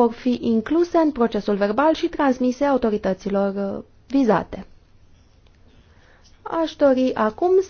vor fi incluse în procesul verbal și transmise autorităților uh, vizate. Aș dori acum